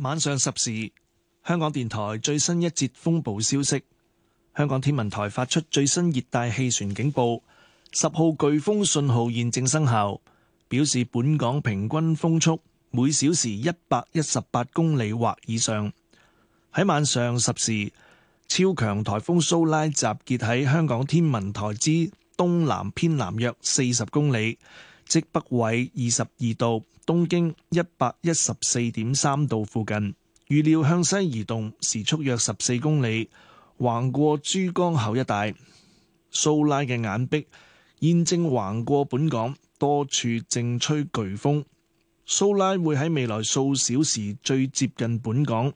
晚上十時，香港電台最新一節風暴消息。香港天文台發出最新熱帶氣旋警報，十號颶風信號現正生效，表示本港平均風速每小時一百一十八公里或以上。喺晚上十時，超強台風蘇拉集結喺香港天文台之東南偏南約四十公里，即北緯二十二度。東經一百一十四點三度附近，預料向西移動，時速約十四公里，橫過珠江口一帶。蘇拉嘅眼壁現正橫過本港，多處正吹颶風。蘇拉會喺未來數小時最接近本港，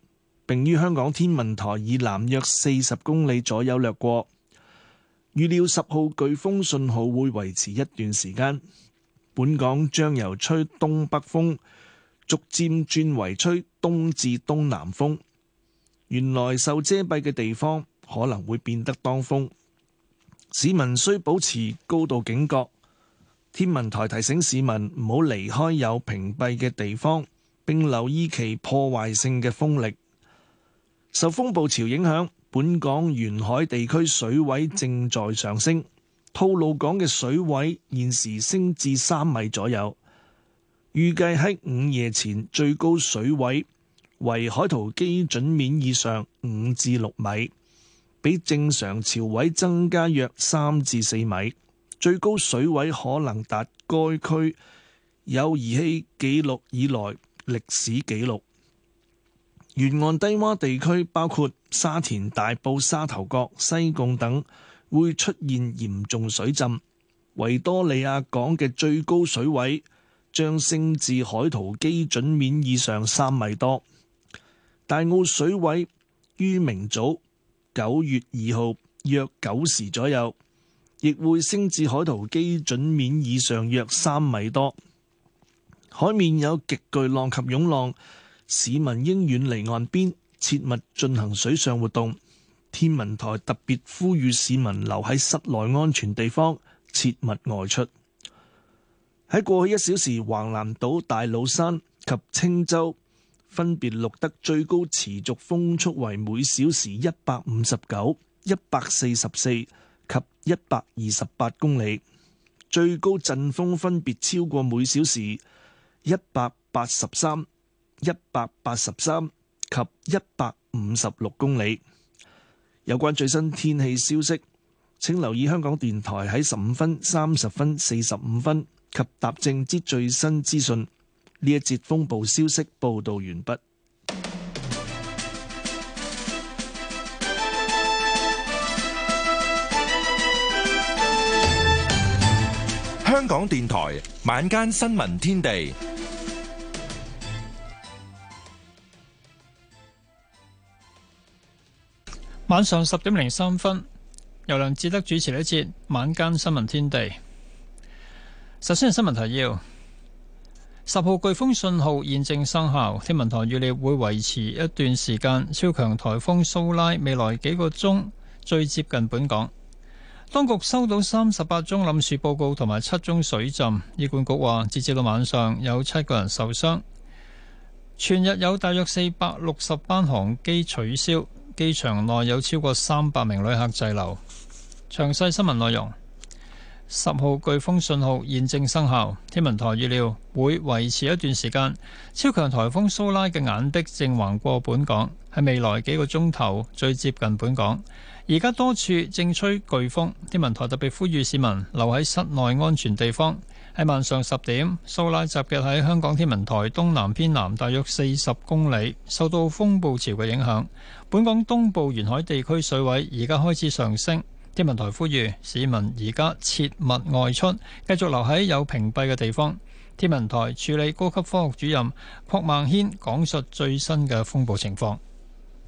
並於香港天文台以南約四十公里左右掠過。預料十號颶風信號會維持一段時間。本港將由吹東北風，逐漸轉為吹東至東南風。原來受遮蔽嘅地方可能會變得當風，市民需保持高度警覺。天文台提醒市民唔好離開有屏蔽嘅地方，並留意其破壞性嘅風力。受風暴潮影響，本港沿海地區水位正在上升。吐露港嘅水位現時升至三米左右，預計喺午夜前最高水位為海圖基準面以上五至六米，比正常潮位增加約三至四米，最高水位可能達該區有儀器記錄以來歷史紀錄，沿岸低窪地區包括沙田、大埔、沙頭角、西貢等。會出現嚴重水浸，維多利亞港嘅最高水位將升至海圖基準面以上三米多，大澳水位於明早九月二號約九時左右，亦會升至海圖基準面以上約三米多，海面有極巨浪及湧浪，市民應遠離岸邊，切勿進行水上活動。天文台特別呼籲市民留喺室內安全地方，切勿外出。喺過去一小時，橫南島、大老山及青洲分別錄得最高持續風速為每小時一百五十九、一百四十四及一百二十八公里，最高陣風分別超過每小時一百八十三、一百八十三及一百五十六公里。有關最新天氣消息，請留意香港電台喺十五分、三十分、四十五分及踏正之最新資訊。呢一節風暴消息報導完畢。香港電台晚間新聞天地。晚上十點零三分，由梁志德主持呢一節晚間新聞天地。首先係新聞提要：十號颶風信號現正生效，天文台預料會維持一段時間。超強颱風蘇拉未來幾個鐘最接近本港。當局收到三十八宗冧樹報告同埋七宗水浸。醫管局話，截至到晚上有七個人受傷。全日有大約四百六十班航機取消。機場內有超過三百名旅客滯留。詳細新聞內容，十號颶風信號現正生效，天文台預料會維持一段時間。超強台風蘇拉嘅眼壁正橫過本港，喺未來幾個鐘頭最接近本港。而家多處正吹颶風，天文台特別呼籲市民留喺室內安全地方。喺晚上十點，蘇拉集結喺香港天文台東南偏南大約四十公里，受到風暴潮嘅影響。本港東部沿海地區水位而家開始上升，天文台呼籲市民而家切勿外出，繼續留喺有屏蔽嘅地方。天文台處理高級科學主任霍孟軒講述最新嘅風暴情況。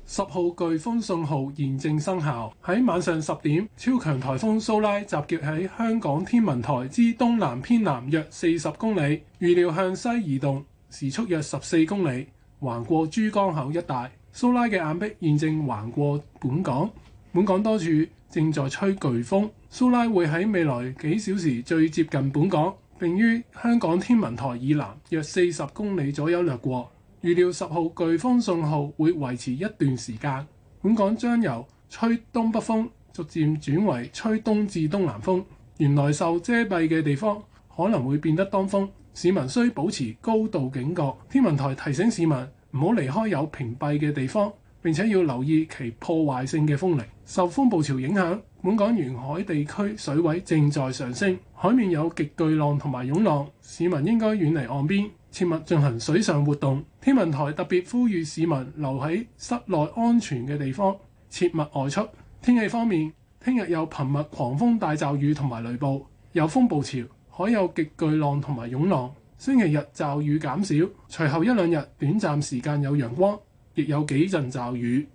十號颶風信號現正生效。喺晚上十點，超強颱風蘇拉集結喺香港天文台之東南偏南約四十公里，預料向西移動，時速約十四公里，橫過珠江口一帶。蘇拉嘅眼壁現正橫過本港，本港多處正在吹颶風。蘇拉會喺未來幾小時最接近本港，並於香港天文台以南約四十公里左右掠過。預料十號颶風信號會維持一段時間，本港將由吹東北風，逐漸轉為吹東至東南風，原來受遮蔽嘅地方可能會變得當風，市民需保持高度警覺。天文台提醒市民唔好離開有屏蔽嘅地方，並且要留意其破壞性嘅風力。受風暴潮影響，本港沿海地區水位正在上升，海面有極巨浪同埋湧浪，市民應該遠離岸邊。切勿進行水上活動。天文台特別呼籲市民留喺室內安全嘅地方，切勿外出。天氣方面，聽日有頻密狂風大驟雨同埋雷暴，有風暴潮，海有極巨浪同埋湧浪。星期日驟雨減少，隨後一兩日短暫時間有陽光，亦有幾陣驟雨。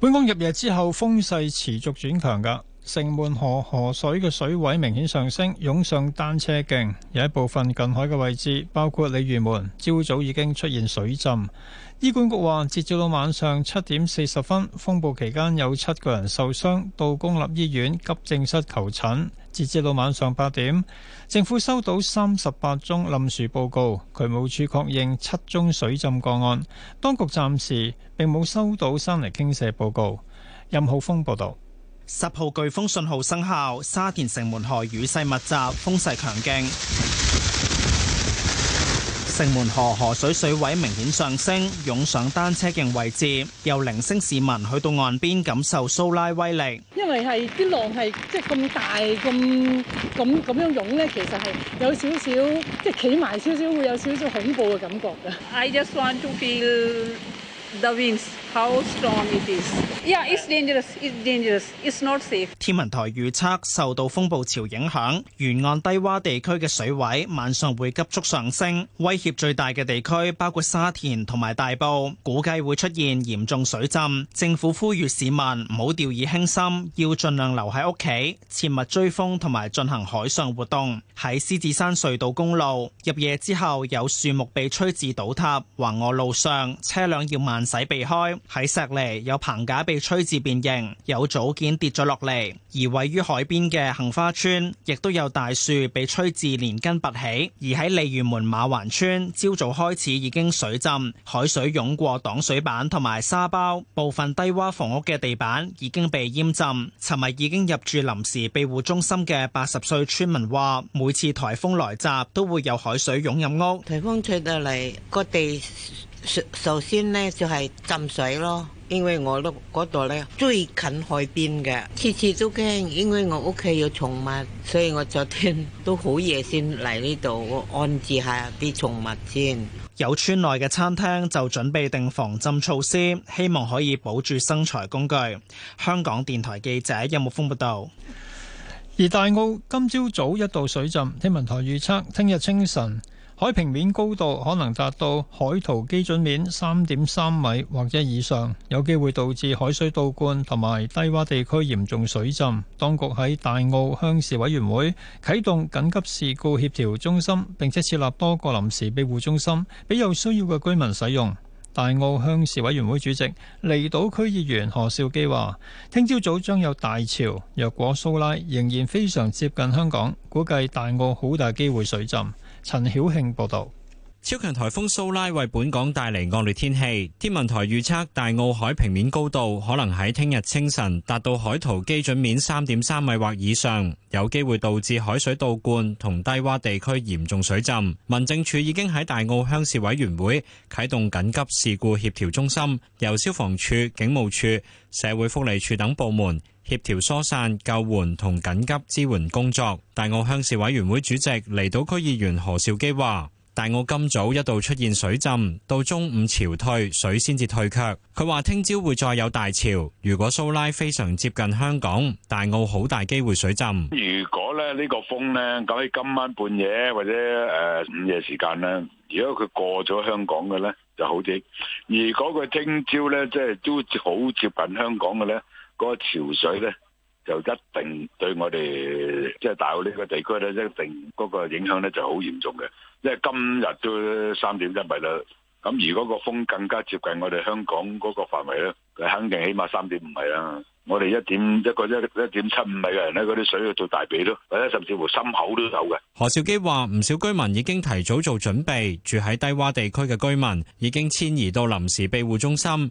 本港入夜之後風勢持續轉強㗎。城門河河水嘅水位明顯上升，湧上單車徑，有一部分近海嘅位置，包括鯉魚門，朝早已經出現水浸。醫管局話，截至到晚上七點四十分，風暴期間有七個人受傷，到公立醫院急症室求診。截至到晚上八點，政府收到三十八宗冧樹報告，渠務處確認七宗水浸個案，當局暫時並冇收到山泥傾瀉報告。任浩峰報道。十號颶風信號生效，沙田城門河雨勢密集，風勢強勁，城門河河水水位明顯上升，湧上單車徑位置，有零星市民去到岸邊感受蘇拉威力。因為係啲浪係即係咁大咁咁咁樣湧咧，其實係有少少即係企埋少少會有少少恐怖嘅感覺嘅。The winds, how strong it is. Yeah, it's dangerous. It's dangerous. It's not safe. 天文台預測受到風暴潮影響，沿岸低洼地區嘅水位晚上會急速上升，威脅最大嘅地區包括沙田同埋大埔，估計會出現嚴重水浸。政府呼籲市民唔好掉以輕心，要盡量留喺屋企，切勿追風同埋進行海上活動。喺獅子山隧道公路入夜之後，有樹木被吹至倒塌，橫卧路上，車輛要慢，唔使避開。喺石籬有棚架被吹至變形，有組件跌咗落嚟。而位於海邊嘅杏花村亦都有大樹被吹至連根拔起。而喺鯉魚門馬環村，朝早開始已經水浸，海水湧過擋水板同埋沙包，部分低洼房屋嘅地板已經被淹浸。尋日已經入住臨時庇護中心嘅八十歲村民話，每次台風來襲都會有海水湧入屋。台風吹到嚟，個地。首先呢，就係浸水咯，因為我都度呢，最近海邊嘅，次次都驚，因為我屋企有寵物，所以我昨天都好夜先嚟呢度安置下啲寵物先。有村內嘅餐廳就準備定防浸措施，希望可以保住生財工具。香港電台記者任木峰報道。而大澳今朝早，早一度水浸，天文台預測，聽日清晨。海平面高度可能達到海圖基準面三點三米或者以上，有機會導致海水倒灌同埋低洼地區嚴重水浸。當局喺大澳鄉事委員會啟動緊急事故協調中心，並且設立多個臨時庇護中心，俾有需要嘅居民使用。大澳鄉事委員會主席、離島區議員何兆基話，聽朝早早將有大潮，若果蘇拉仍然非常接近香港，估計大澳好大機會水浸。陳曉慶報導。超強颱風蘇拉為本港帶嚟惡劣天氣，天文台預測大澳海平面高度可能喺聽日清晨達到海圖基準面三點三米或以上，有機會導致海水倒灌同低窪地區嚴重水浸。民政處已經喺大澳鄉事委員會啟動緊急事故協調中心，由消防處、警務處、社會福利署等部門協調疏散、救援同緊急支援工作。大澳鄉事委員會主席、離島區議員何兆基話。大澳今早一度出現水浸，到中午潮退，水先至退卻。佢話聽朝會再有大潮，如果蘇拉非常接近香港，大澳好大機會水浸。如果咧呢個風咧，咁喺今晚半夜或者誒午夜時間咧，如果佢過咗香港嘅咧就好啲。如果佢聽朝咧，即係都好接近香港嘅咧，嗰個潮水咧。就一定對我哋即係大澳呢個地區咧，一定嗰個影響咧就好嚴重嘅。因為今日都三點一米啦，咁如果個風更加接近我哋香港嗰個範圍咧，佢肯定起碼三點五米啦。我哋一點一個一一點七五米嘅人咧，嗰啲水去到大髀咯，或者甚至乎心口都有嘅。何兆基話：唔少居民已經提早做準備，住喺低洼地區嘅居民已經遷移到臨時庇護中心。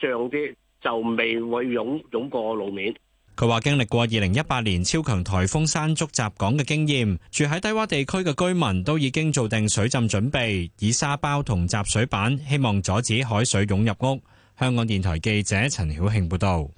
漲啲就未會湧湧過路面。佢話經歷過二零一八年超強颱風山竹襲港嘅經驗，住喺低洼地區嘅居民都已經做定水浸準備，以沙包同集水板希望阻止海水湧入屋。香港電台記者陳曉慶報導。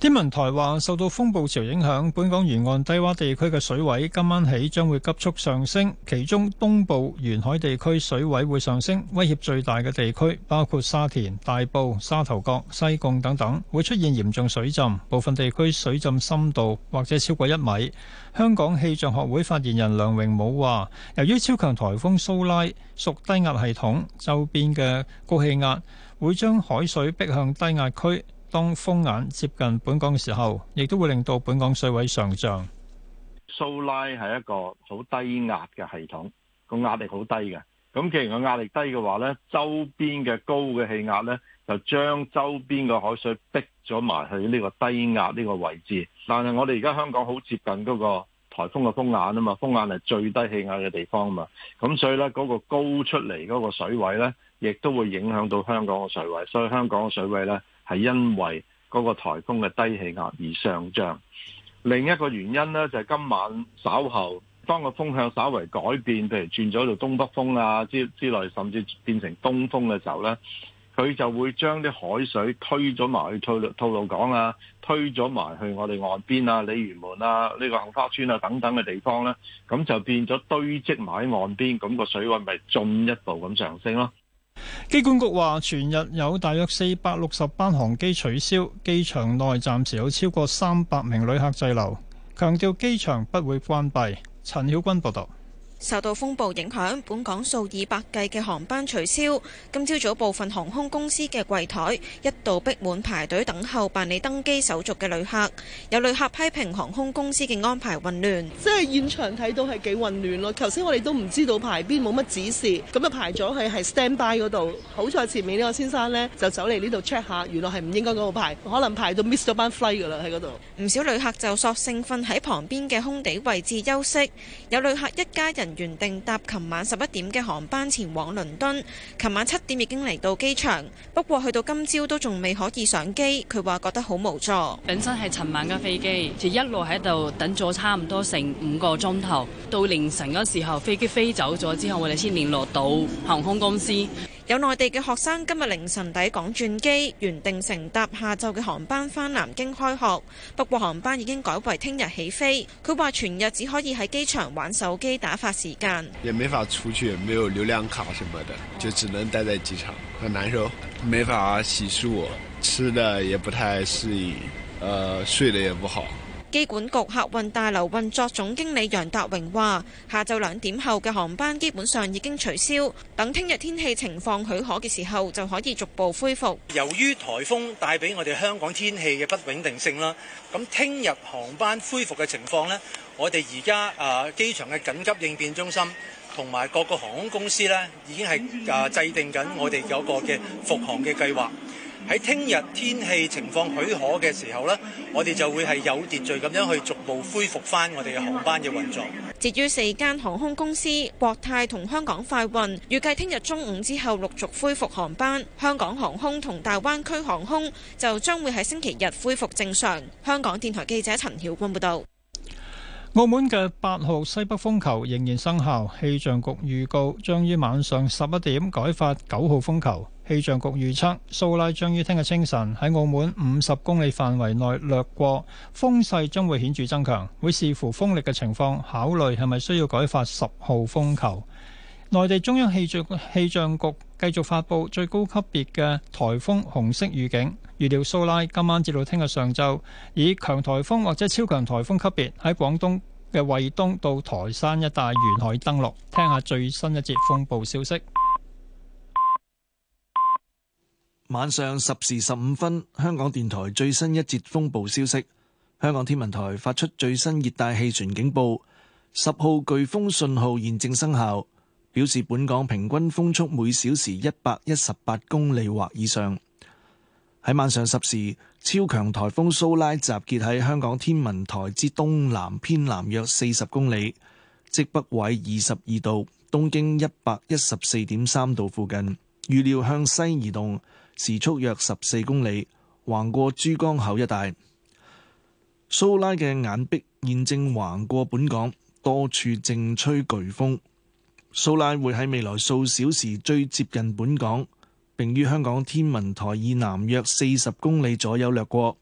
天文台話，受到風暴潮影響，本港沿岸低洼地區嘅水位今晚起將會急速上升，其中東部沿海地區水位會上升，威脅最大嘅地區包括沙田、大埔、沙頭角、西貢等等，會出現嚴重水浸，部分地區水浸深度或者超過一米。香港氣象學會發言人梁榮武話，由於超強颱風蘇拉屬低壓系統，周邊嘅高氣壓會將海水逼向低壓區。當風眼接近本港嘅時候，亦都會令到本港水位上漲。蘇拉係一個好低壓嘅系統，個壓力好低嘅。咁既然個壓力低嘅話呢，周邊嘅高嘅氣壓呢，就將周邊嘅海水逼咗埋去呢個低壓呢個位置。但係我哋而家香港好接近嗰個颱風嘅風眼啊嘛，風眼係最低氣壓嘅地方啊嘛，咁所以呢，嗰個高出嚟嗰個水位呢，亦都會影響到香港嘅水位，所以香港嘅水位呢，係因為嗰個颱風嘅低氣壓而上漲，另一個原因呢，就係、是、今晚稍後當個風向稍為改變，譬如轉咗做東北風啊之之類，甚至變成東風嘅時候呢，佢就會將啲海水推咗埋去吐露吐露港啊，推咗埋去我哋岸邊啊、鯉魚門啊、呢、這個杏花村啊等等嘅地方呢，咁就變咗堆積埋喺岸邊，咁個水位咪進一步咁上升咯。機管局話，全日有大約四百六十班航機取消，機場內暫時有超過三百名旅客滯留，強調機場不會關閉。陳曉君報道。受到風暴影響，本港數以百計嘅航班取消。今朝早部分航空公司嘅櫃枱一度逼滿排隊等候辦理登機手續嘅旅客。有旅客批評航空公司嘅安排混亂，即係現場睇到係幾混亂咯。頭先我哋都唔知道排邊，冇乜指示，咁就排咗去係 stand by 嗰度。好在前面呢個先生呢就走嚟呢度 check 下，原來係唔應該嗰個排，可能排到 miss 咗班 Fly 噶啦喺嗰度。唔少旅客就索性瞓喺旁邊嘅空地位置休息。有旅客一家人，原定搭琴晚十一點嘅航班前往倫敦，琴晚七點已經嚟到機場，不過去到今朝都仲未可以上機，佢話覺得好無助。本身係尋晚嘅飛機，就一路喺度等咗差唔多成五個鐘頭，到凌晨嗰時候飛機飛走咗之後，我哋先聯絡到航空公司。有內地嘅學生今日凌晨抵港轉機，原定乘搭下晝嘅航班返南京開學，不過航班已經改為聽日起飛。佢話全日只可以喺機場玩手機打發時間。也沒法出去，沒有流量卡什麼的，就只能待在機場，很難受。沒法洗漱，吃的也不太適應，呃，睡得也不好。機管局客運大樓運作總經理楊達榮話，下晝兩點後嘅航班基本上已經取消，等聽日天氣情況許可嘅時候就可以逐步恢復。由於台風帶俾我哋香港天氣嘅不穩定性啦，咁聽日航班恢復嘅情況呢，我哋而家啊機場嘅緊急應變中心同埋各個航空公司呢，已經係啊制定緊我哋有個嘅復航嘅計劃。喺聽日天氣情況許可嘅時候呢，我哋就會係有秩序咁樣去逐步恢復翻我哋嘅航班嘅運作。至於四間航空公司，國泰同香港快運預計聽日中午之後陸續恢復航班，香港航空同大灣區航空就將會喺星期日恢復正常。香港電台記者陳曉君報道。澳門嘅八號西北風球仍然生效，氣象局預告將於晚上十一點改發九號風球。氣象局預測，蘇拉將於聽日清晨喺澳門五十公里範圍內掠過，風勢將會顯著增強，會視乎風力嘅情況考慮係咪需要改發十號風球。內地中央氣象氣象局繼續發布最高級別嘅颱風紅色預警，預料蘇拉今晚至到聽日上晝以強颱風或者超強颱風級別喺廣東嘅惠東到台山一帶沿海登陸。聽下最新一節風暴消息。晚上十時十五分，香港電台最新一節風暴消息：香港天文台發出最新熱帶氣旋警報，十號颶風信號現正生效，表示本港平均風速每小時一百一十八公里或以上。喺晚上十時，超強台風蘇拉集結喺香港天文台之東南偏南約四十公里，即北緯二十二度、東經一百一十四點三度附近，預料向西移動。時速約十四公里，橫過珠江口一帶。蘇拉嘅眼壁現正橫過本港，多處正吹颶風。蘇拉會喺未來數小時最接近本港，並於香港天文台以南約四十公里左右掠過。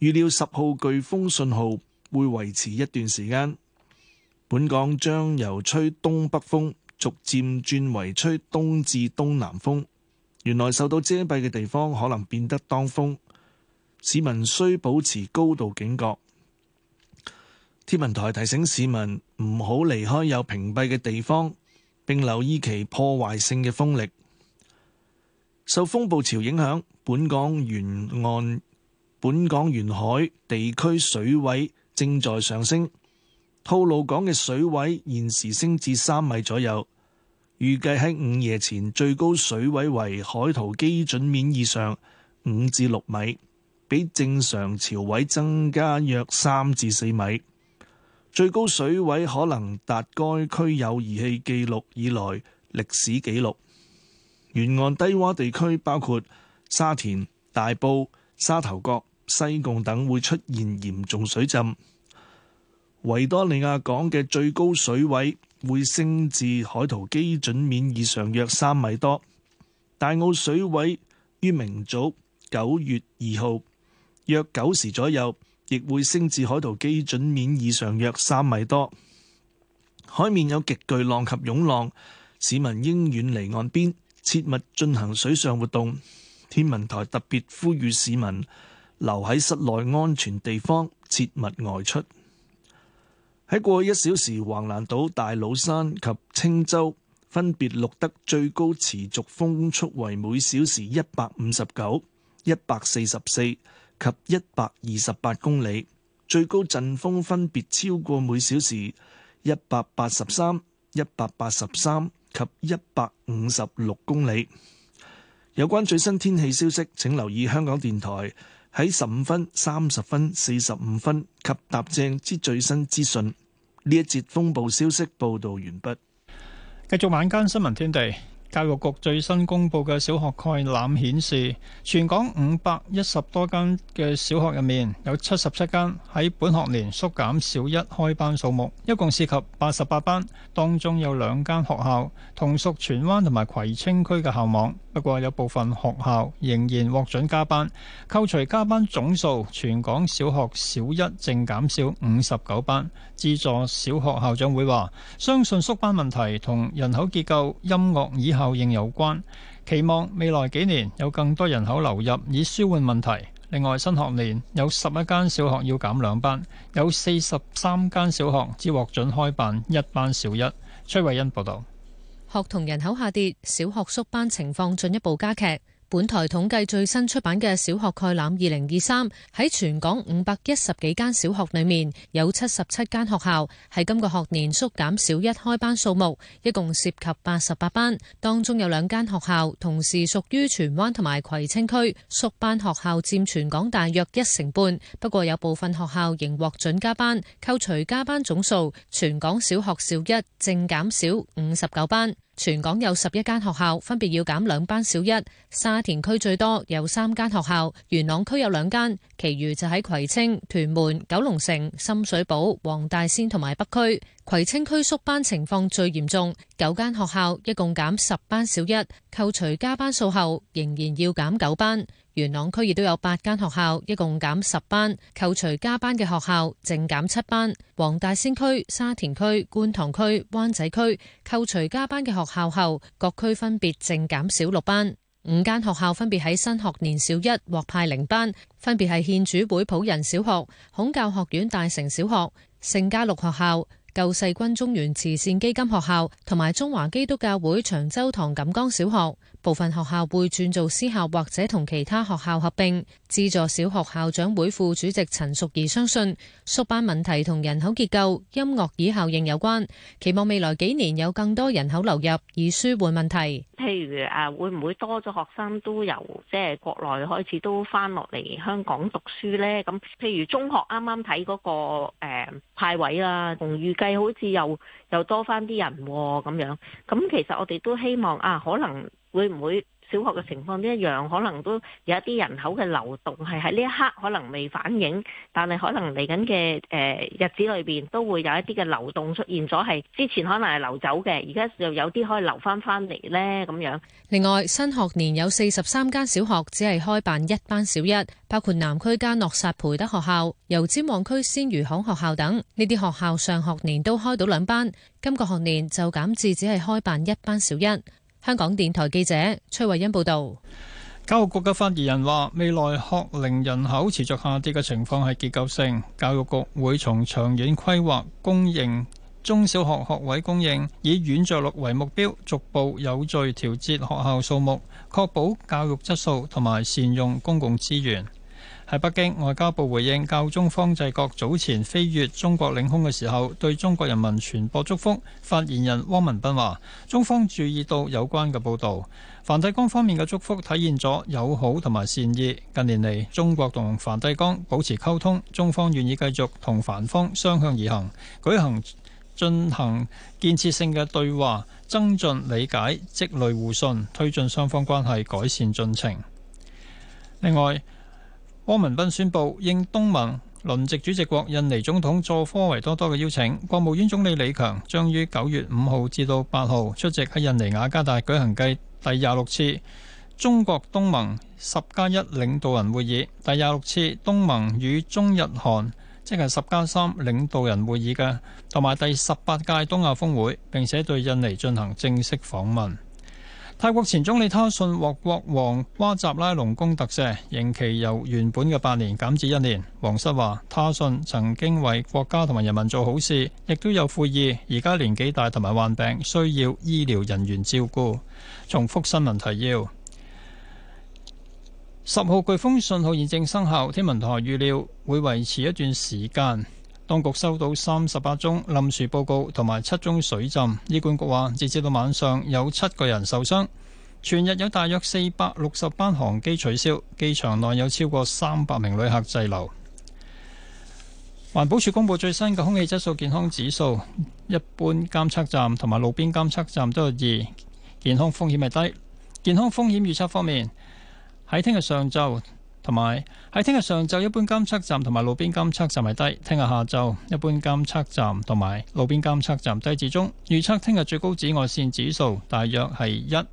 預料十號颶風信號會維持一段時間，本港將由吹東北風逐漸轉為吹東至東南風。原來受到遮蔽嘅地方可能變得當風，市民需保持高度警覺。天文台提醒市民唔好離開有屏蔽嘅地方，並留意其破壞性嘅風力。受風暴潮影響，本港沿岸、本港沿海地區水位正在上升，吐露港嘅水位現時升至三米左右。預計喺午夜前，最高水位為海圖基準面以上五至六米，比正常潮位增加約三至四米。最高水位可能達該區有儀器記錄以來歷史紀錄。沿岸低洼地區包括沙田、大埔、沙頭角、西貢等會出現嚴重水浸。維多利亞港嘅最高水位會升至海圖基準面以上約三米多，大澳水位於明早九月二號約九時左右，亦會升至海圖基準面以上約三米多。海面有極巨浪及湧浪，市民應遠離岸邊，切勿進行水上活動。天文台特別呼籲市民留喺室內安全地方，切勿外出。喺過去一小時，橫瀾島、大老山及青洲分別錄得最高持續風速為每小時一百五十九、一百四十四及一百二十八公里，最高陣風分別超過每小時一百八十三、一百八十三及一百五十六公里。有關最新天氣消息，請留意香港電台喺十五分、三十分、四十五分及搭正之最新資訊。呢一節風暴消息報道完畢。繼續晚間新聞天地。教育局最新公佈嘅小學概覽顯示，全港五百一十多間嘅小學入面，有七十七間喺本學年縮減小一開班數目，一共涉及八十八班，當中有兩間學校同屬荃灣同埋葵青區嘅校網。不過有部分學校仍然獲准加班，扣除加班總數，全港小學小一淨減少五十九班。資助小學校長會話，相信縮班問題同人口結構、音樂椅效應有關，期望未來幾年有更多人口流入以舒緩問題。另外新學年有十一間小學要減兩班，有四十三間小學只獲准開辦一班小一。崔慧欣報導。學童人口下跌，小學縮班情況進一步加劇。本台統計最新出版嘅《小學概覽二零二三》，喺全港五百一十幾間小學裏面，有七十七間學校喺今個學年縮減小一開班數目，一共涉及八十八班。當中有兩間學校同時屬於荃灣同埋葵青區，縮班學校佔全港大約一成半。不過有部分學校仍獲准加班，扣除加班總數，全港小學小一淨減少五十九班。全港有十一間學校分別要減兩班小一，沙田區最多有三間學校，元朗區有兩間，其餘就喺葵青、屯門、九龍城、深水埗、黃大仙同埋北區。葵青區縮班情況最嚴重，九間學校一共減十班小一，扣除加班數後，仍然要減九班。元朗區亦都有八間學校，一共減十班，扣除加班嘅學校，淨減七班。黃大仙區、沙田區、觀塘區、灣仔區扣除加班嘅學校後，各區分別淨減少六班。五間學校分別喺新學年小一獲派零班，分別係獻主會普仁小學、孔教學院大成小學、聖加祿學校、救世軍中原慈善基金學校同埋中華基督教會長洲堂錦江小學。部分學校會轉做私校或者同其他學校合併。資助小學校長會副主席陳淑儀相信縮班問題同人口結構、音樂椅效應有關。期望未來幾年有更多人口流入，以舒緩問題。譬如誒、啊，會唔會多咗學生都由即係、就是、國內開始都翻落嚟香港讀書呢？咁譬如中學啱啱睇嗰個誒、呃、派位啦、啊，同預計好似又又多翻啲人咁、啊、樣。咁其實我哋都希望啊，可能。會唔會小學嘅情況都一樣？可能都有一啲人口嘅流動係喺呢一刻可能未反映，但係可能嚟緊嘅誒日子裏邊都會有一啲嘅流動出現咗，係之前可能係流走嘅，而家又有啲可以流翻翻嚟呢。咁樣。另外，新學年有四十三間小學只係開辦一班小一，包括南區嘉諾撒培德學校、油尖旺區鮮魚巷學校等呢啲學校上學年都開到兩班，今個學年就減至只係開辦一班小一。香港電台記者崔慧欣報道，教育局嘅發言人話，未來學齡人口持續下跌嘅情況係結構性，教育局會從長遠規劃供應中小學學位供應，以軟着陸為目標，逐步有序調節學校數目，確保教育質素同埋善用公共資源。喺北京外交部回應，教宗方濟各早前飛越中國領空嘅時候，對中國人民傳播祝福。發言人汪文斌話：中方注意到有關嘅報道，梵蒂岡方面嘅祝福體現咗友好同埋善意。近年嚟，中國同梵蒂岡保持溝通，中方願意繼續同梵方相向而行，舉行進行建設性嘅對話，增進理解，積累互信，推進雙方關係改善進程。另外。汪文斌宣布，應東盟輪值主席國印尼總統佐科維多多嘅邀請，國務院總理李強將於九月五號至到八號出席喺印尼雅加達舉行嘅第廿六次中國東盟十加一領導人會議、第廿六次東盟與中日韓即係十加三領導人會議嘅，同埋第十八屆東亞峰會，並且對印尼進行正式訪問。泰國前總理他信獲國王哇集拉隆功特赦，刑期由原本嘅八年減至一年。王室話，他信曾經為國家同埋人民做好事，亦都有悔意。而家年紀大同埋患病，需要醫療人員照顧。重複新聞提要：十號颶風信號現正生效，天文台預料會維持一段時間。當局收到三十八宗冧樹報告同埋七宗水浸，醫管局話直至到晚上有七個人受傷，全日有大約四百六十班航機取消，機場內有超過三百名旅客滯留。環保署公布最新嘅空氣質素健康指數，一般監測站同埋路邊監測站都係二，健康風險係低。健康風險預測方面，喺聽日上晝。同埋喺聽日上晝，一般監測站同埋路邊監測站係低，聽日下晝，一般監測站同埋路邊監測站低至中，預測聽日最高紫外線指數大約係一。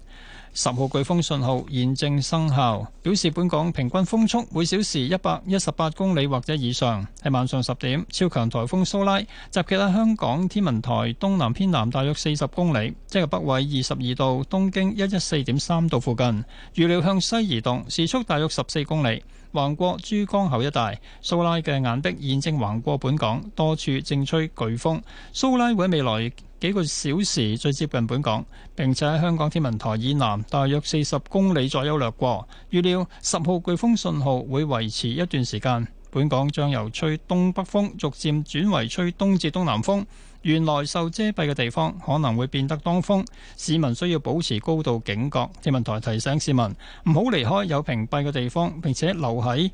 十號颶風信號現正生效，表示本港平均風速每小時一百一十八公里或者以上。喺晚上十點，超強颱風蘇拉集結喺香港天文台東南偏南大約四十公里，即係北緯二十二度東經一一四點三度附近。預料向西移動，時速大約十四公里，橫過珠江口一帶。蘇拉嘅眼壁現正橫過本港多處，正吹颶風。蘇拉會喺未來幾個小時最接近本港，並且喺香港天文台以南大約四十公里左右掠過。預料十號颶風信號會維持一段時間，本港將由吹東北風逐漸轉為吹東至東南風。原來受遮蔽嘅地方可能會變得當風，市民需要保持高度警覺。天文台提醒市民唔好離開有屏蔽嘅地方，並且留喺，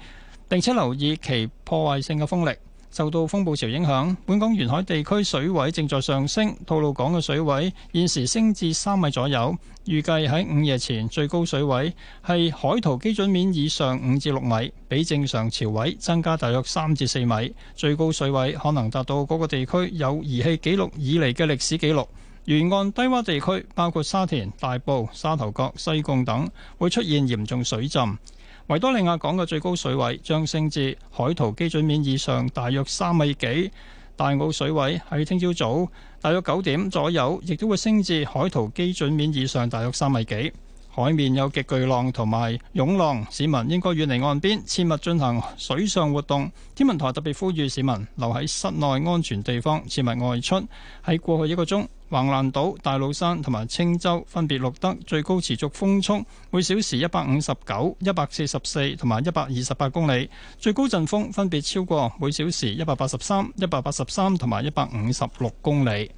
並且留意其破壞性嘅風力。受到風暴潮影響，本港沿海地區水位正在上升。吐露港嘅水位現時升至三米左右，預計喺午夜前最高水位係海圖基準面以上五至六米，比正常潮位增加大約三至四米。最高水位可能達到嗰個地區有儀器記錄以嚟嘅歷史記錄。沿岸低窪地區，包括沙田、大埔、沙頭角、西貢等，會出現嚴重水浸。維多利亞港嘅最高水位將升至海圖基準面以上大約三米幾，大澳水位喺聽朝早大約九點左右，亦都會升至海圖基準面以上大約三米幾。海面有極巨浪同埋湧浪，市民應該遠離岸邊，切勿進行水上活動。天文台特別呼籲市民留喺室內安全地方，切勿外出。喺過去一個鐘。橫瀾島、大老山同埋青洲分別錄得最高持續風速每小時一百五十九、一百四十四同埋一百二十八公里，最高陣風分別超過每小時一百八十三、一百八十三同埋一百五十六公里。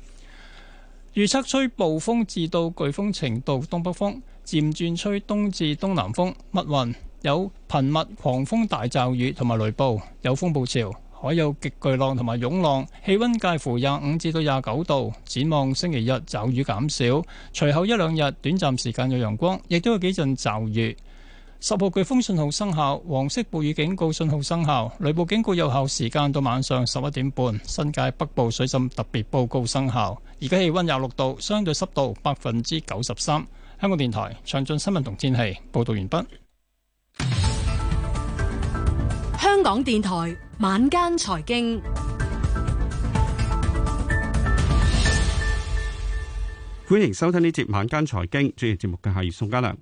預測吹暴風至到颶風程度東北風，漸轉吹東至東南風，密雲有頻密狂風大驟雨同埋雷暴，有風暴潮。海有極巨浪同埋湧浪，氣温介乎廿五至到廿九度。展望星期日驟雨減少，隨後一兩日短暫時間有陽光，亦都有幾陣驟雨。十號颶風信號生效，黃色暴雨警告信號生效，雷暴警告有效時間到晚上十一點半。新界北部水浸特別報告生效。而家氣温廿六度，相對濕度百分之九十三。香港電台詳盡新聞同天氣報導完畢。香港電台晚間財經，歡迎收聽呢節晚間財經，主持節目嘅係宋嘉良。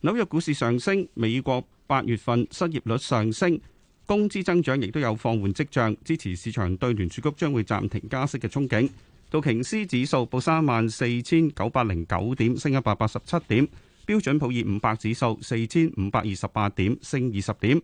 紐約股市上升，美國八月份失業率上升，工資增長亦都有放緩跡象，支持市場對聯儲局將會暫停加息嘅憧憬。道瓊斯指數報三萬四千九百零九點，升一百八十七點；標準普爾五百指數四千五百二十八點，升二十點。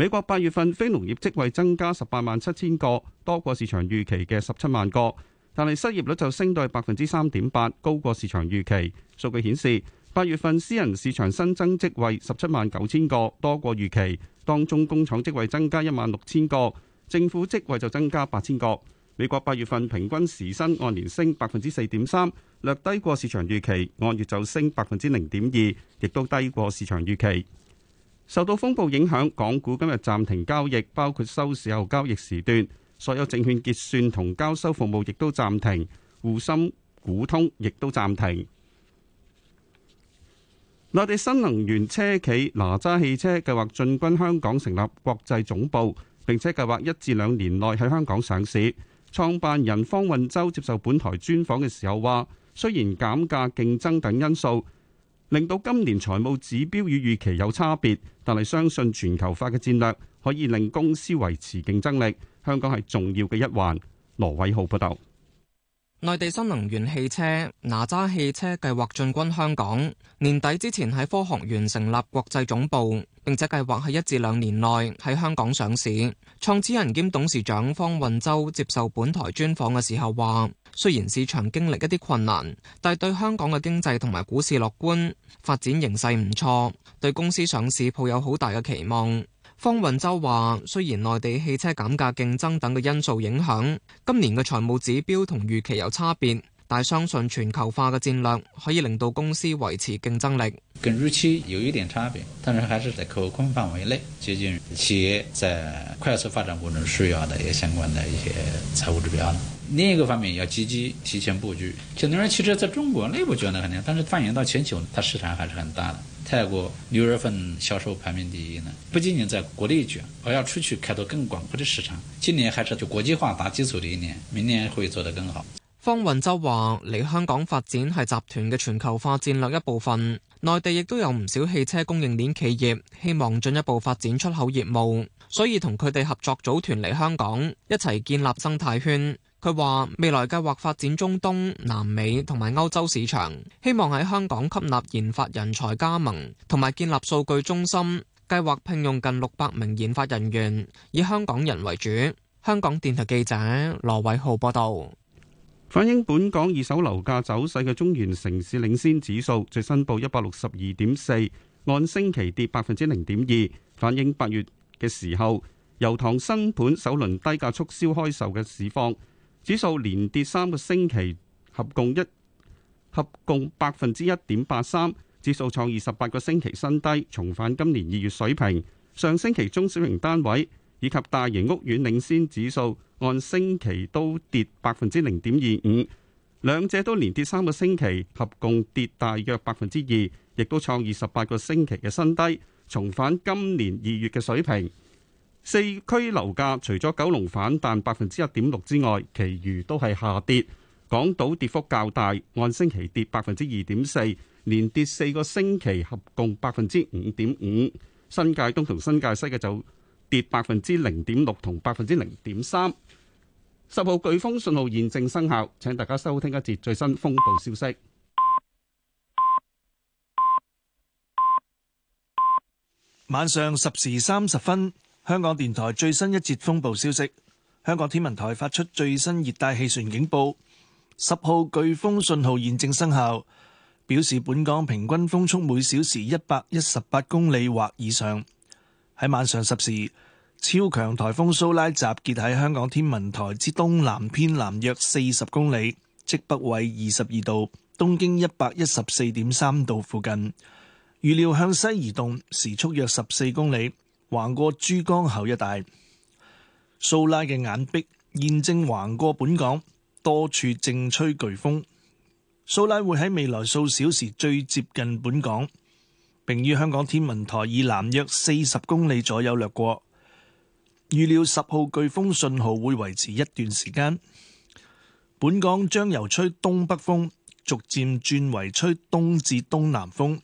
美國八月份非農業職位增加十八萬七千個，多過市場預期嘅十七萬個，但係失業率就升到百分之三點八，高過市場預期。數據顯示，八月份私人市場新增職位十七萬九千個，多過預期。當中工廠職位增加一萬六千個，政府職位就增加八千個。美國八月份平均時薪按年升百分之四點三，略低過市場預期，按月就升百分之零點二，亦都低過市場預期。受到風暴影響，港股今日暫停交易，包括收市後交易時段，所有證券結算同交收服務亦都暫停，滬深股通亦都暫停。內地新能源車企哪吒汽車計劃進軍香港，成立國際總部，並且計劃一至兩年內喺香港上市。創辦人方運舟接受本台專訪嘅時候話，雖然減價競爭等因素，令到今年財務指標與預期有差別，但係相信全球化嘅戰略可以令公司維持競爭力。香港係重要嘅一環。羅偉浩報道。內地新能源汽車哪吒汽車計劃進軍香港，年底之前喺科學園成立國際總部，並且計劃喺一至兩年內喺香港上市。創始人兼董事長方運洲接受本台專訪嘅時候話，雖然市場經歷一啲困難，但係對香港嘅經濟同埋股市樂觀，發展形勢唔錯，對公司上市抱有好大嘅期望。方運洲話，雖然內地汽車減價競爭等嘅因素影響，今年嘅財務指標同預期有差別。但相信全球化的戰略可以令到公司維持競爭力。跟預期有一點差別，但是還是在可控範圍內，接近企業在快速發展過程中需要的一些相關的一些財務指標呢。另一個方面要積極提前布局。小牛車汽車，在中國內部捲得肯定，但是放眼到全球，它市場還是很大的。泰國六月份銷售排名第一呢，不僅僅在國內卷，我要出去開拓更廣闊的市場。今年還是就國際化打基礎的一年，明年會做得更好。方雲洲話：嚟香港發展係集團嘅全球化戰略一部分。內地亦都有唔少汽車供應鏈企業希望進一步發展出口業務，所以同佢哋合作，組團嚟香港一齊建立生態圈。佢話未來計劃發展中東南美同埋歐洲市場，希望喺香港吸納研發人才加盟，同埋建立數據中心。計劃聘用近六百名研發人員，以香港人為主。香港電台記者羅偉浩報道。反映本港二手樓價走勢嘅中原城市領先指數最新報一百六十二點四，按星期跌百分之零點二，反映八月嘅時候，油塘新盤首輪低價促銷開售嘅市況，指數連跌三個星期，合共一合共百分之一點八三，指數創二十八個星期新低，重返今年二月水平。上星期中小型單位。以及大型屋苑領先指數，按星期都跌百分之零點二五，兩者都連跌三個星期，合共跌大約百分之二，亦都創二十八個星期嘅新低，重返今年二月嘅水平。四區樓價除咗九龍反彈百分之一點六之外，其餘都係下跌。港島跌幅較大，按星期跌百分之二點四，連跌四個星期，合共百分之五點五。新界東同新界西嘅就跌百分之零點六同百分之零點三，十號颶風信號現正生效，請大家收聽一節最新風暴消息。晚上十時三十分，香港電台最新一節風暴消息。香港天文台發出最新熱帶氣旋警報，十號颶風信號現正生效，表示本港平均風速每小時一百一十八公里或以上。喺晚上十時，超強颱風蘇拉集結喺香港天文台之東南偏南約四十公里，即北緯二十二度、東經一百一十四點三度附近。預料向西移動，時速約十四公里，橫過珠江口一帶。蘇拉嘅眼壁現正橫過本港，多處正吹颶風。蘇拉會喺未來數小時最接近本港。並於香港天文台以南約四十公里左右掠過，預料十號颶風信號會維持一段時間。本港將由吹東北風逐漸轉為吹東至東南風，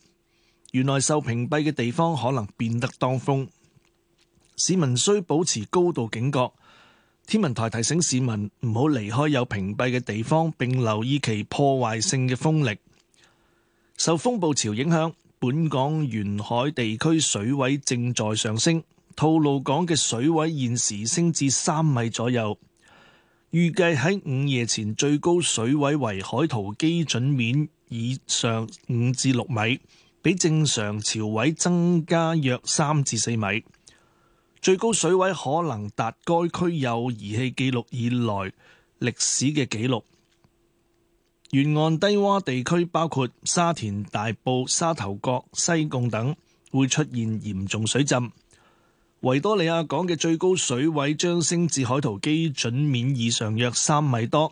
原來受屏蔽嘅地方可能變得當風，市民需保持高度警覺。天文台提醒市民唔好離開有屏蔽嘅地方，並留意其破壞性嘅風力。受風暴潮影響，本港沿海地區水位正在上升，吐露港嘅水位現時升至三米左右，預計喺午夜前最高水位為海圖基準面以上五至六米，比正常潮位增加約三至四米，最高水位可能達該區有儀器記錄以來歷史嘅紀錄。沿岸低窪地區包括沙田、大埔、沙頭角、西貢等會出現嚴重水浸。維多利亞港嘅最高水位將升至海圖基準面以上約三米多。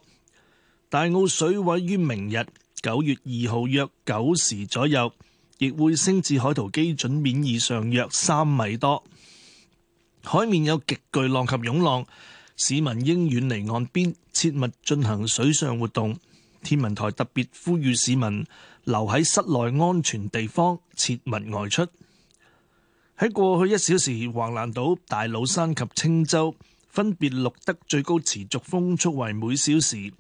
大澳水位於明日九月二號約九時左右，亦會升至海圖基準面以上約三米多。海面有極巨浪及湧浪，市民應遠離岸邊，切勿進行水上活動。天文台特別呼籲市民留喺室內安全地方，切勿外出。喺過去一小時，橫瀾島、大老山及青洲分別錄得最高持續風速為每小時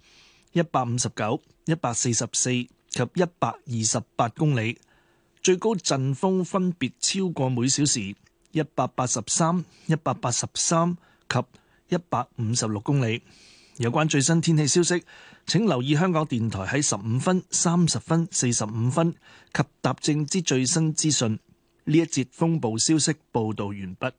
一百五十九、一百四十四及一百二十八公里，最高陣風分別超過每小時一百八十三、一百八十三及一百五十六公里。有關最新天氣消息，請留意香港電台喺十五分、三十分、四十五分及踏正之最新資訊。呢一節風暴消息報道完畢。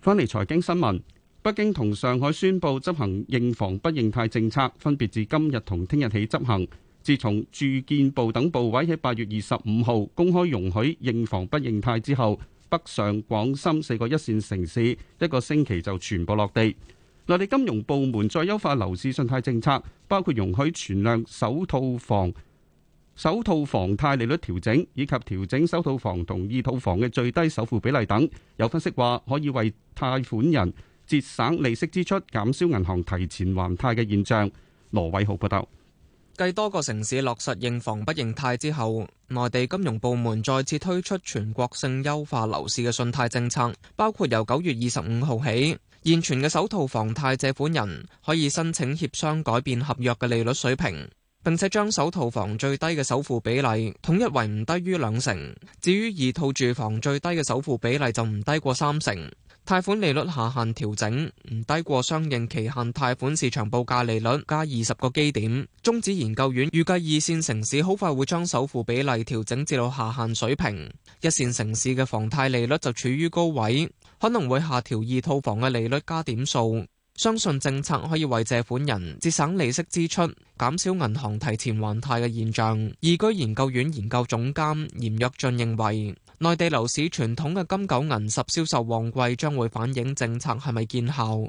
翻嚟財經新聞，北京同上海宣布執行認房不認貸政策，分別自今日同聽日起執行。自從住建部等部委喺八月二十五號公開容許認房不認貸之後，北上廣深四個一線城市一個星期就全部落地。內地金融部門再優化樓市信貸政策，包括容許存量首套房、首套房貸利率調整，以及調整首套房同二套房嘅最低首付比例等。有分析話，可以為貸款人節省利息支出，減少銀行提前還貸嘅現象。羅偉豪報道。繼多個城市落實認房不認貸之後，內地金融部門再次推出全國性優化樓市嘅信貸政策，包括由九月二十五號起，現存嘅首套房貸借款人可以申請協商改變合約嘅利率水平，並且將首套房最低嘅首付比例統一為唔低於兩成。至於二套住房最低嘅首付比例就唔低過三成，貸款利率下限調整唔低過相應期限貸款市場報價利率加二十個基點。中指研究院預計二線城市好快會將首付比例調整至到下限水平，一線城市嘅房貸利率就處於高位，可能會下調二套房嘅利率加點數，相信政策可以為借款人節省利息支出，減少銀行提前還貸嘅現象。易居研究院研究總監嚴躍進認為，內地樓市傳統嘅金九銀十銷售旺季將會反映政策係咪見效。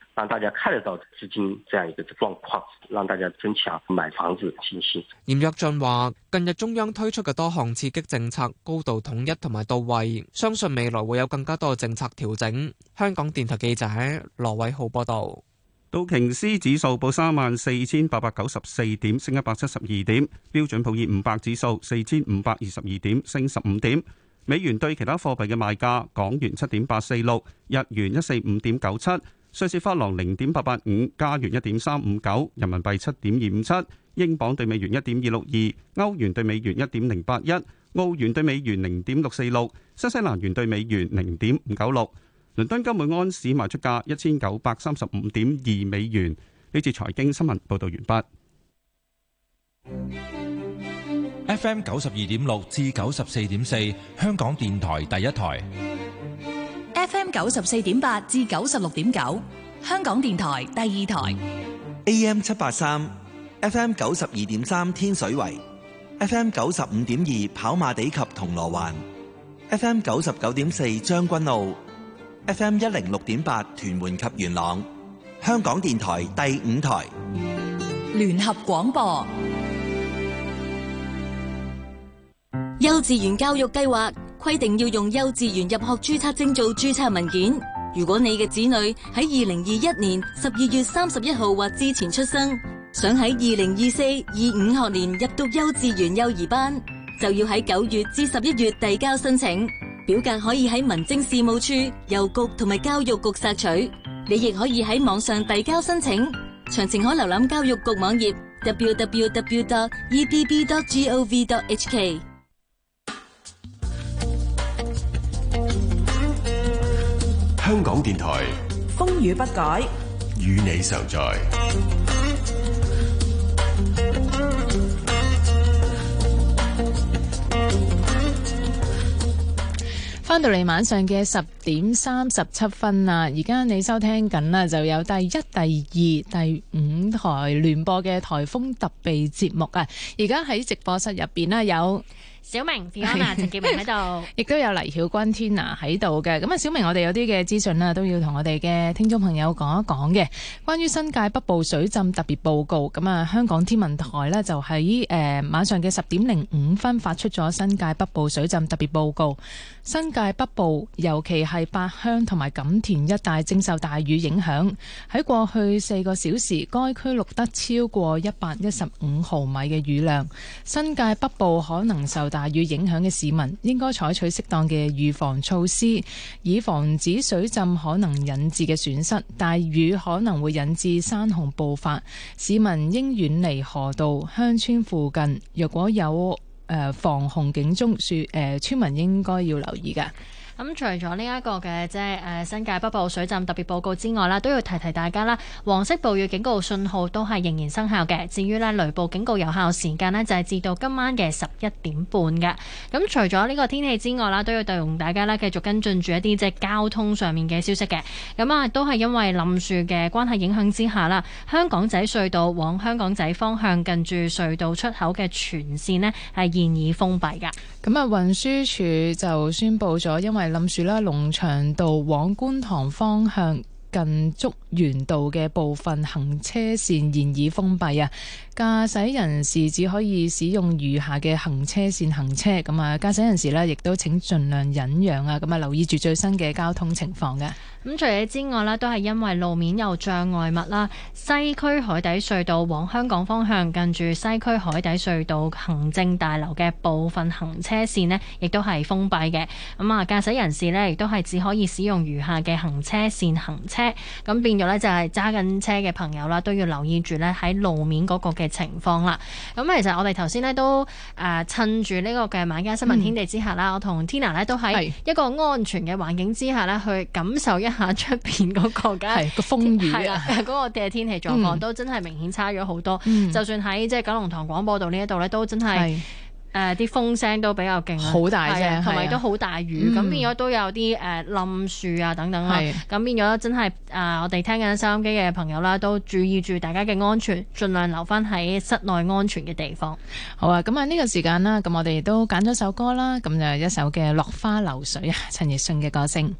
讓大家看得到資金這樣一個狀況，讓大家增強買房子信心。嚴躍進話：近日中央推出嘅多項刺激政策，高度統一同埋到位，相信未來會有更加多嘅政策調整。香港電台記者羅偉浩報道。道瓊斯指數報三萬四千八百九十四點，升一百七十二點；標準普爾五百指數四千五百二十二點，升十五點。美元對其他貨幣嘅賣價：港元七點八四六，日元一四五點九七。瑞士法郎零點八八五，加元一點三五九，人民幣七點二五七，英鎊兌美元一點二六二，歐元兌美元一點零八一，澳元兌美元零點六四六，新西蘭元兌美元零點五九六。倫敦金每安士賣出價一千九百三十五點二美元。呢次財經新聞報道完畢。FM 九十二點六至九十四點四，香港電台第一台。FM 九十四點八至九十六點九，香港電台第二台；AM 七八三，FM 九十二點三天水圍；FM 九十五點二跑馬地及銅鑼灣；FM 九十九點四將軍澳；FM 一零六點八屯門及元朗，香港電台第五台聯合廣播。幼稚園教育計劃規定要用幼稚園入學注冊證做注冊文件。如果你嘅子女喺二零二一年十二月三十一號或之前出生，想喺二零二四二五學年入讀幼稚園幼兒班，就要喺九月至十一月遞交申請。表格可以喺民政事務處、郵局同埋教育局索取。你亦可以喺網上遞交申請，詳情可瀏覽教育局網頁 w w w dot e d b dot g o v dot h k。香港電台風雨不改，與你常在。翻到嚟晚上嘅十點三十七分啦，而家你收聽緊啦，就有第一、第二、第五台聯播嘅颱風特備節目啊！而家喺直播室入邊啦，有，小明、李安娜、陳潔明喺度，亦都有黎曉君、天娜喺度嘅。咁啊，小明，我哋有啲嘅資訊啦，都要同我哋嘅聽眾朋友講一講嘅。關於新界北部水浸特別報告，咁啊，香港天文台咧就喺誒、呃、晚上嘅十點零五分發出咗新界北部水浸特別報告。新界北部尤其係八鄉同埋錦田一帶正受大雨影響。喺過去四個小時，該區錄得超過一百一十五毫米嘅雨量。新界北部可能受大雨影響嘅市民應該採取適當嘅預防措施，以防止水浸可能引致嘅損失。大雨可能會引致山洪暴發，市民應遠離河道、鄉村附近。若果有，呃，防洪警鐘，説誒村民應該要留意㗎。咁、嗯、除咗呢一個嘅即係誒新界北部水浸特別報告之外啦，都要提提大家啦。黃色暴雨警告信號都係仍然生效嘅。至於咧雷暴警告有效時間咧，就係、是、至到今晚嘅十一點半嘅。咁、嗯、除咗呢個天氣之外啦，都要對住大家咧繼續跟進住一啲即係交通上面嘅消息嘅。咁、嗯、啊，都係因為冧樹嘅關係影響之下啦，香港仔隧道往香港仔方向近住隧道出口嘅全線咧係現已封閉嘅。咁啊，運輸署就宣布咗因為係林樹啦，農場道往觀塘方向。近竹園道嘅部分行車線現已封閉啊。駕駛人士只可以使用餘下嘅行車線行車，咁啊駕駛人士咧亦都請盡量忍讓啊。咁啊留意住最新嘅交通情況嘅。咁除咗之外咧，都係因為路面有障礙物啦。西區海底隧道往香港方向，近住西區海底隧道行政大樓嘅部分行車線咧，亦都係封閉嘅。咁啊駕駛人士咧，亦都係只可以使用餘下嘅行車線行車。咁變咗咧，就係揸緊車嘅朋友啦，都要留意住咧喺路面嗰個嘅情況啦。咁其實我哋頭先咧都誒趁住呢、呢個嘅《晚間新聞天地》之下啦，嗯、我同 Tina 咧都喺一個安全嘅環境之下咧，去感受一下出邊嗰個嘅係個風雨啦，嗰的天、嗰個嘅天氣狀況都真係明顯差咗好多。嗯、就算喺即係九龍塘廣播道呢一度咧，都真係。誒，啲、呃、風聲都比較勁，好大聲，同埋都好大雨，咁的變咗都有啲誒冧樹啊等等啦，咁的變咗真係誒、呃，我哋聽緊收音機嘅朋友啦，都注意住大家嘅安全，盡量留翻喺室內安全嘅地方。好啊，咁啊呢個時間啦，咁我哋都揀咗首歌啦，咁就一首嘅《落花流水》啊，陳奕迅嘅歌聲。